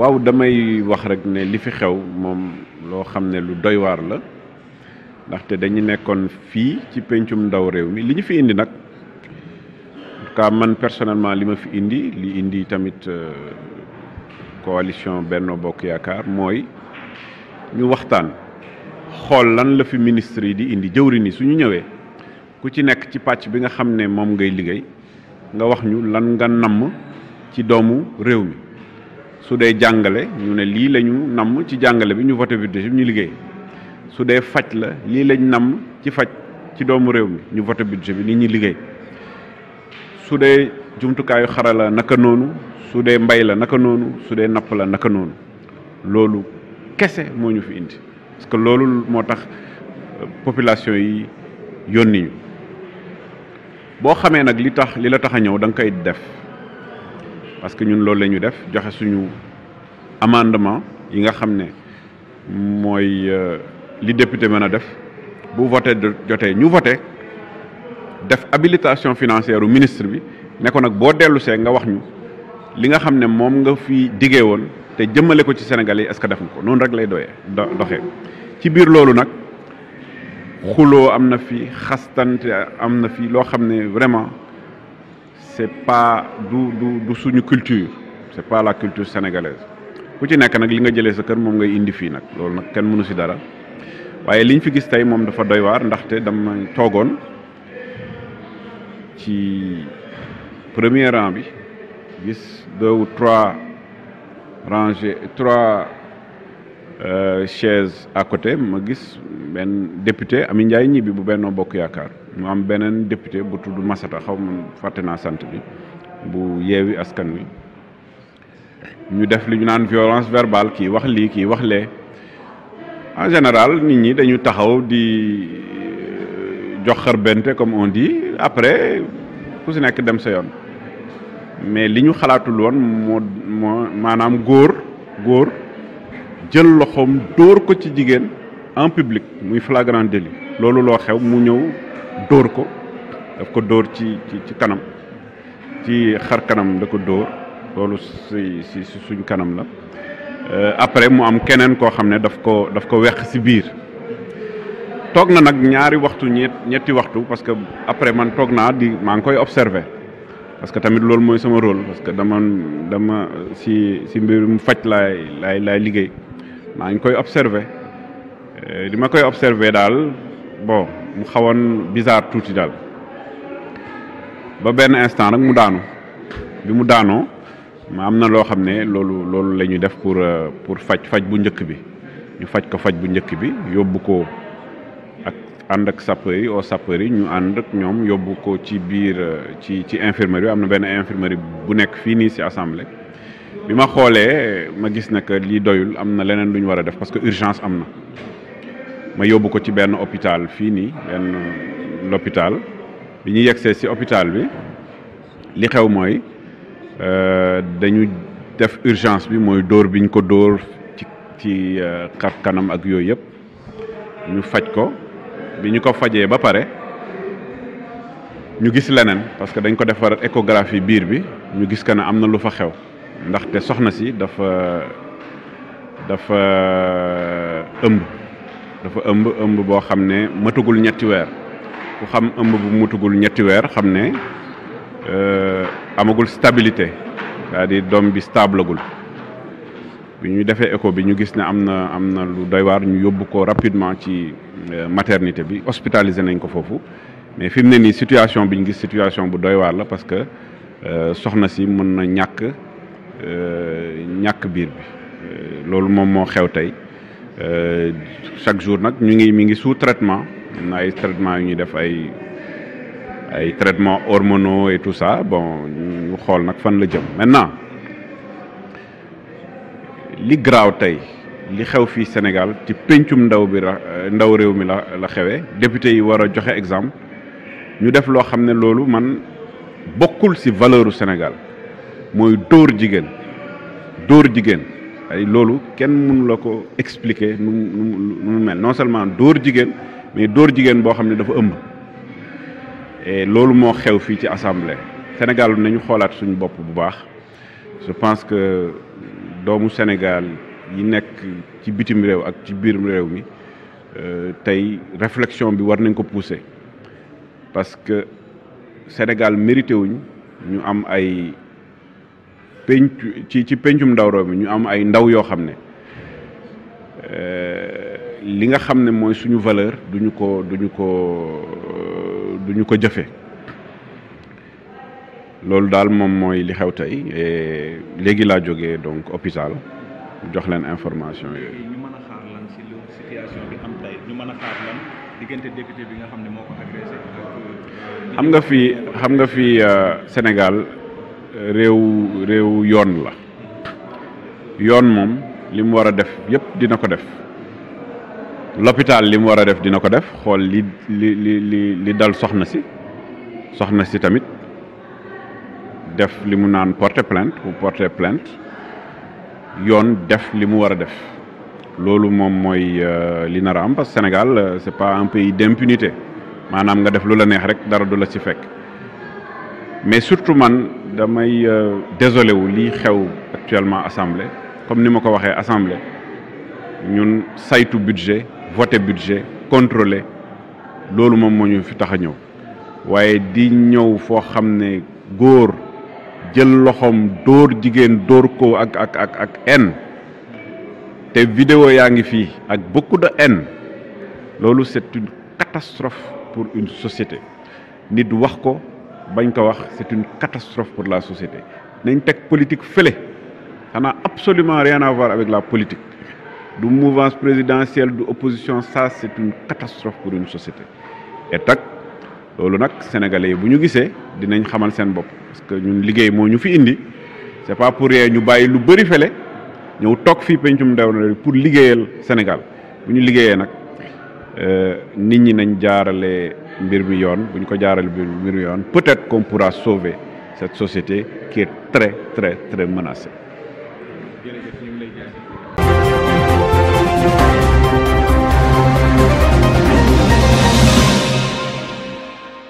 waaw damay wax rek ne li fi xew moom loo xam ne lu doywaar la ndaxte dañu nekkoon fii ci péncum ndaw réew mi li ñu fi indi nag en man personnellement li ma fi indi li indi tamit euh, coalition Benno Bokk Yaakaar mooy ñu waxtaan xool lan la fi ministre yi di indi jëwri ni suñu ñëwee ku ci nekk ci pàcc bi nga xam ne moom ngay liggéey nga wax ñu lan nga namm ci doomu réew mi su dee jàngale ñu ne lii lañu ñu namm ci jàngale bi ñu voté budget bi ñu liggéey su dee faj la lii lañ namm ci faj ci doomu réew mi ñu voté budget bi nit ñuy liggéey su dee jumtukaayu xarala naka noonu su dee mbay la naka noonu su dee napp la naka noonu loolu kese moo ñu fi indi parce que loolu moo tax euh, population yi yónni ñu boo xamee nag li tax li la tax a ñëw danga koy def parce que ñun loolu la ñu def joxe suñu amendement yi nga xam ne mooy euh, li député mën a def bu voté jotee ñu vote def habilitation financière u ministre bi ne ko nag boo dellu see nga wax ñu li nga xam ne moom nga fi digee woon te jëmmale ko ci Sénégal yi est-ce que def nga ko noonu rek lay doyee doxee ci biir loolu nag xuloo am na fi xastante am na fi loo xam ne vraiment c'est pas du du suñu culture c'est pas la culture sénégalaise ku ci nekk nag li nga jëlee sa kër moom ngay indi fii nag loolu nag kenn mënu si dara waaye liñ fi gis tey moom dafa doy waar ndaxte dama toogoon ci premier rang bi gis deux ou trois rangées Euh, chaise à côté ma gis benn député Ami Ndiaye ñibbi bu Benno Bokk Yaakaar mu am beneen député bu tudd Masata xaw ma fàtte naa sant bi bu yeewi askan wi ñu def li ñu naan violence verbale kii wax lii kii wax lee en général nit ñi dañu taxaw di euh, jox xarbente comme on dit après ku si nekk dem sa yoon mais li ñu xalaatuloon woon moo maanaam góor góor jël loxoom dóor ko ci jigéen en public muy flagrant délit loolu loo xew mu ñëw dóor ko daf ko dóor ci ci kanam ci xar kanam da ko dóor loolu si si suñ kanam la euh, après mu am keneen koo xam ne daf ko daf ko weq si biir toog na nag ñaari waxtu ñetti waxtu parce que après man toog naa di maa ngi koy observer parce que tamit loolu mooy sama rôle parce que dama dama si si mbirum faj laay lay laay liggéey maa ngi koy observé eh, li ma koy observé daal bon mu xawoon bizarre tuuti daal ba benn instant rek mu daanu bi mu daanoo ma am na loo xam ne loolu loolu la ñuy def pour euh, pour faj faj bu njëkk bi ñu faj ko faj bu njëkk bi yóbbu ko ak ànd ak sapeur yi au yi ñu ànd ñoom yóbbu ko ci biir euh, ci ci infirmerie bi am na benn infirmerie bu nekk fii nii ci assemblée. bi ma xoolee ma gis ne que lii doyul am na leneen lu ñu war a def parce que urgence am na ma yóbbu ko ci benn hôpital fii nii benn l'hôpital bi ñu yegsee ci hôpital bi li xew mooy euh, dañu def urgence bi mooy dóor biñ ko dóor ci ci kaf euh, kanam ak yooyu yëpp ñu faj ko bi ñu ko fajee ba pare ñu gis leneen parce que dañ ko defar écographie biir bi ñu gis que ne am na lu fa xew ndaxte soxna si dafa dafa ëmb dafa ëmb ëmb boo xam ne matugul ñetti weer ku xam ëmb bu matugul ñetti weer xam ne euh, amagul stabilité cest à doom bi stablagul bu ñuy defee écho bi ñu gis ne am na am na lu doy waar ñu yóbbu ko rapidement ci euh, maternité bi hospitalisé nañ ko foofu mais fi ne nii situation bi ñu gis situation bu doy la parce que euh, soxna si mën na ñàkk Euh, ñàkk biir bi euh, loolu moom moo xew tey euh, chaque jour nag ñu ngi mi ngi suu traitement am ay traitement yu ñuy def ay ay traitements hormonaux et tout bon ñu xool nag fan la jëm maintenant li graaw tey li xew fii Sénégal ci pencum ndaw bi la ndaw réew mi la la xewee député yi war a joxe exemple ñu def loo xam ne loolu man bokkul ci valeuru Sénégal mooy dóor jigéen dóor jigéen ay loolu kenn mënu la ko expliquer nu mu nu mel non seulement dóor jigéen mais dóor jigéen boo xam ne dafa ëmb loolu moo xew fii ci assemblée Sénégal nañu xoolaat suñu bopp bu baax je pense que doomu Sénégal yi nekk ci bitim réew ak ci biir réew mi euh, tey réflexion bi war nañ ko pousser parce que Sénégal mérité wuñ ñu am ay. penc ci ci pencum ndaw réew mi ñu am ay ndaw yoo xam ne euh, li nga xam ne mooy suñu valeur duñu ko duñu ko euh, duñu ko jëfe loolu daal moom mooy li xew tey léegi laa jóge donc hôpital jox leen information yooyu. nga xam euh, xam nga fi xam nga fi Sénégal. réew réew yoon la yoon moom li mu war a def yëpp dina ko def l'hôpital li mu war a def dina ko def xool li li li li li dal soxna si soxna si tamit def li mu naan porter plainte ou porter yoon def li mu war a def loolu moom mooy euh, li nar a am parce Sénégal euh, c'est pas un pays d'impunité maanaam nga def lu la neex rek dara du la si fekk mais surtout man damay euh, désolé wu lii xew actuellement assemblée comme ni ma ko waxee assemblée ñun saytu budget voté budget controler loolu moom mooñu fi tax a ñëw waaye di ñëw foo xam ne góor jël loxoom dóor jigéen dóor ko ak ak ak ak haine te vidéo yaa ngi fii ak beaucoup de haine loolu c'est une catastrophe pour une société nit wax ko bañ ko wax c'est une catastrophe pour la société nañ teg politique fële xanaa absolument rien à voir avec la politique du mouvance présidentielle du opposition ça c'est une catastrophe pour une société et tak loolu nag sénégalais yi bu ñu gisee dinañ xamal seen bopp parce que ñun liggéey moo ñu fi indi c'est pas pour rien ñu bàyyi lu bëri fële ñëw toog fii pencum ndaw na pour liggéeyal Sénégal bu ñu liggéeyee nag euh, nit ñi nañ jaarale mbir mi yoon bu ñu ko jaarale mbir mi yoon peut-être qu'on pourra sauver cette société qui est très très très menacée.